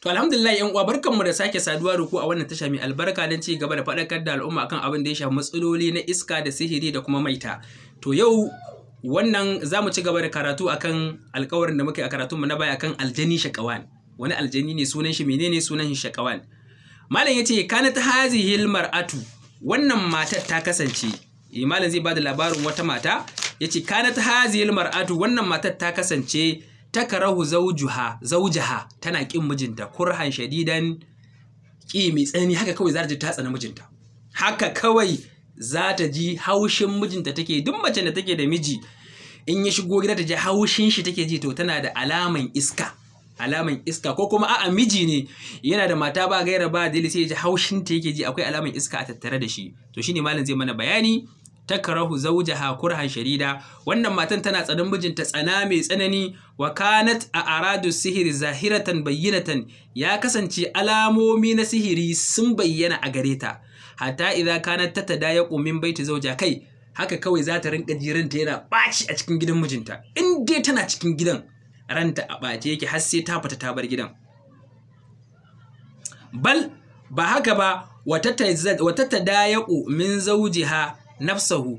To alhamdulillah yan uwa barkanmu da sake saduwa ruku a wannan tasha mai albarka don ci gaba da faɗakar da al'umma akan abin da ya shafi matsaloli na iska da sihiri da kuma maita. To yau wannan za mu ci gaba da karatu akan alkawarin da muka yi a mu na baya akan aljani shakawan. Wani aljani ne sunan shi menene sunan shi shakawan. Malam ya ce kanat hazihi almar'atu wannan matar ta kasance. Eh, malam zai ba da labarin wata mata ya ce kanat hazihi almar'atu wannan matar ta kasance takarahu zawjuha zawjaha tana kin mijinta kurhan shadidan ki mai tsani haka kawai za ta ji ta tsana mijinta haka kawai za ta ji haushin mijinta take duk mace da take da miji in ya shigo gida ta ji haushin shi take ji to tana da alaman iska alaman iska ko kuma a'a miji ne yana da mata ba gaira ba sai ya ji haushin ta yake ji akwai alaman iska a tattare da shi to shine malam zai mana bayani takarahu zawjaha kurhan sharida wannan matan tana tsanin mijinta tsana mai tsanani wa kanat a aradu sihiri zahiratan bayyinatan ya kasance alamomi na sihiri sun bayyana a gare ta hatta kana kanat tatadayaqu kumin baiti zawja kai haka kawai za ta rinka ta yana ɓaci a cikin gidan mijinta in dai tana cikin gidan ranta a ɓace yake har sai ta fita ta bar gidan bal ba haka ba wata ta min zaujiha nafsahu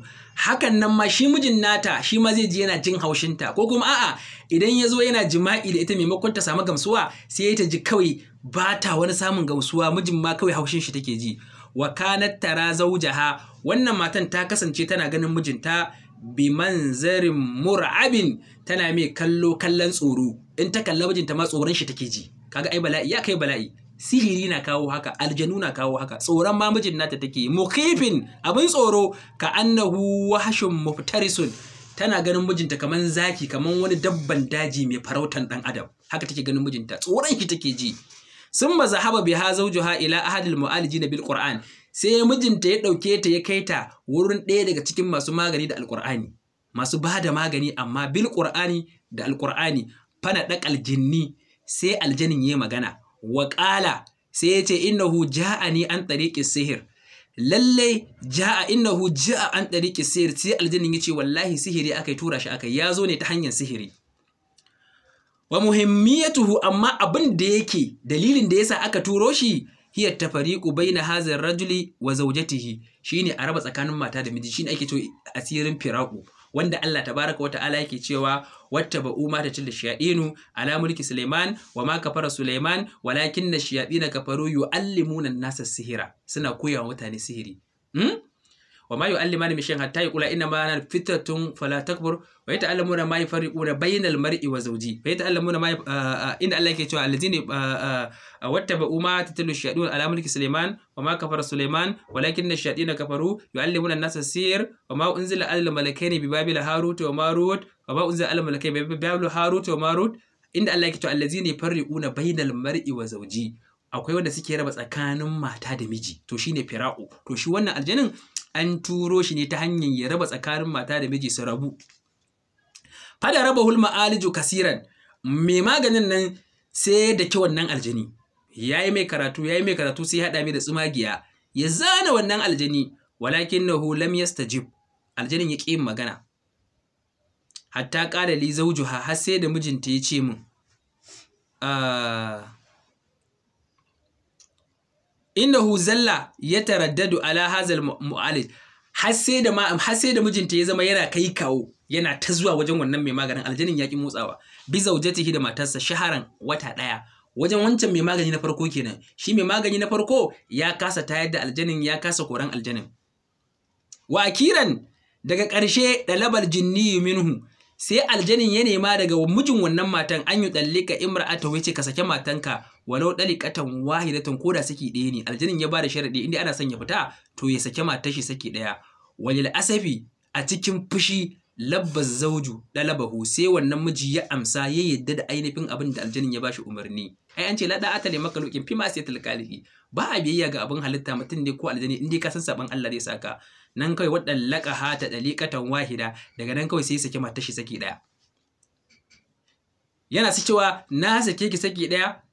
hakan nan ma shi mijin nata shi ma zai ji yana jin haushinta ko kuma a'a idan ya zo yana jima'i da ita maimakon ta samu gamsuwa sai ta ji kawai ba ta wani samun gamsuwa mijin ma kawai haushin shi take ji wa kanat tara zaujaha wannan matan ta kasance tana ganin mijinta bi manzarin mur'abin tana mai kallo kallon tsoro in ta kalla mijinta ma tsoron shi take ji kaga ai bala'i ya kai bala'i sihiri na kawo haka aljanu na kawo haka tsoron mijin nata take mukifin abin tsoro ka annahu wahashun muftarisun tana ganin mijinta kaman zaki kaman wani dabban daji mai farautan ɗan adam haka take ganin mijinta tsoron shi take ji sun ba zahaba bi ha zawjuha ila ahadil na bil qur'an sai mijinta ya ɗauke ta ya kai ta wurin ɗaya daga cikin masu magani da alqur'ani masu ba da magani amma bil qur'ani da alqur'ani fana dakal jinni sai aljanin yayi magana Waƙala sai ya ce innahu ni an tariqis sihir lalle ja'a innahu ja'a an tariqis sihir sai ya ce wallahi sihiri aka tura shi Ya zo ne ta hanyar sihiri wa muhimmiyatuhu amma abin da yake dalilin da yasa aka turo shi hiya tafariqu baina hazar rajuli wa zawjatihi shine a raba tsakanin mata da miji shine ake to asirin firaku wanda Allah ta tabaraka ala yake cewa watta ba'u ma ta cilla shayadinu ala mulki Suleiman wa ma kafara Suleiman walakinna na kafaru yu'allimuna nasa sihira suna koyawa mutane sihiri hmm? wa ma yu'allimani min shay'in hatta yaqula inna ma ana fitratun fala takbur wa yata'allamuna ma yufarriquna bainal mar'i wa zawji fa yata'allamuna ma inda Allah yake cewa allazina wattaba'u ma tatlu shayatun ala mulki Sulaiman wa ma kafara Sulaiman walakinna shayatin kafaru yu'allimuna an-nasa sir wa ma unzila alal malakaini bi babil harut wa marut wa ma unzila alal malakaini bi babil harut wa marut inda Allah yake cewa allazina yufarriquna bainal mar'i wa zawji akwai wanda suke raba tsakanin mata da miji to shine fira'u to shi wannan aljanin an turo shi ne ta hanyar ya raba tsakanin mata da miji su rabu fada raba hulma aliju kasiran mai maganin nan sai da ke wannan aljani ya yi mai karatu ya yi mai karatu sai haɗa mai da tsumagiya ya zana wannan aljani walakin na lam yastajib aljanin ya ƙi magana hatta ƙalali zaujuha har sai da mijinta ya ce min ah, innahu zalla ya taraddadu ala hazal mu'alij har sai da ma har sai da mijinta ya zama yana kai kawo yana ta zuwa wajen wannan mai maganin aljanin yaki motsawa bi zaujatihi da matarsa shaharan wata ɗaya wajen wancan mai magani na farko kenan shi mai magani na farko ya kasa tayar da aljanin ya kasa koran aljanin wa akiran daga ƙarshe ɗalabar jinni minhu sai aljanin ya nema daga mijin wannan matan an yi ɗallika imra'ata wace ka sake matanka walau katan wahidatan koda saki ɗaya ne aljanin ya bada sharadi inda ana son ya fita to ya sake matar shi saki ɗaya walil asafi a cikin fushi labbas zauju dalabahu sai wannan miji ya amsa ya yadda da ainihin abin da aljanin ya bashi umarni ai an ce la da'ata li makhluqin fi ma ba a biyayya ga abin halitta mutum ne ko aljani indai ka san saban Allah zai saka nan kawai wadda laka ha ta daliqatan wahida daga nan kawai sai sake mata shi saki daya yana su cewa na sake ki saki daya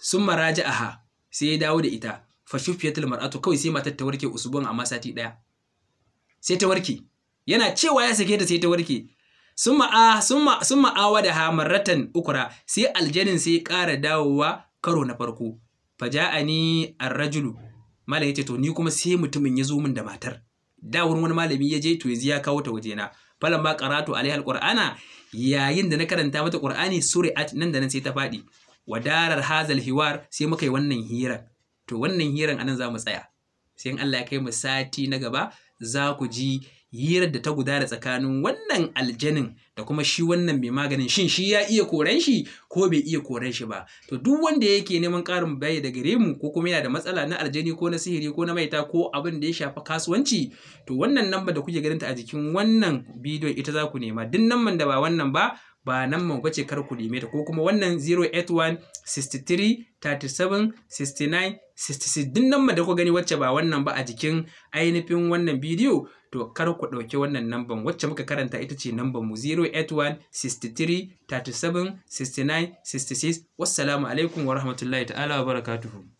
sun maraji aha sai ya dawo da ita fashufiyatul mar'atu kawai sai matar ta warke usbuwan amma sati daya sai ta warke yana cewa ya sake ta sai ta warke Sun a summa summa awada ha ukura sai aljanin sai kara dawowa karo na farko faja'ani ar-rajulu malai yace to ni kuma sai mutumin ya zo min da matar da wani malami ya je to yanzu ya kawo ta waje na falan ba karatu alaiha al yayin da na karanta mata qur'ani suri'at nan da nan sai ta faɗi wadarar hazal hiwar sai muka yi wannan hirar to wannan hirar anan za mu tsaya sai in Allah ya kai mu sati na gaba za ku ji hirar da ta gudana tsakanin wannan aljanin da kuma shi wannan mai maganin shin shi ya iya koren shi ko bai iya koren shi ba to duk wanda yake neman karin bayani da gare mu ko kuma yana da matsala na aljani ko na sihiri ko na maita ko abin da ya shafi kasuwanci to wannan namba da kuke ganin ta a jikin wannan bidiyon ita za ku nema duk namban da ba wannan ba ba nan ba ce kar ku neme ta ko kuma wannan 081 63 37 69 66 din nan da ku gani wacce ba wannan ba a jikin ainihin wannan bidiyo to kar ku ɗauki wannan namban wacce muka karanta ita ce namban mu 081 63 37 alaikum wa rahmatullahi ta'ala wa barakatuhu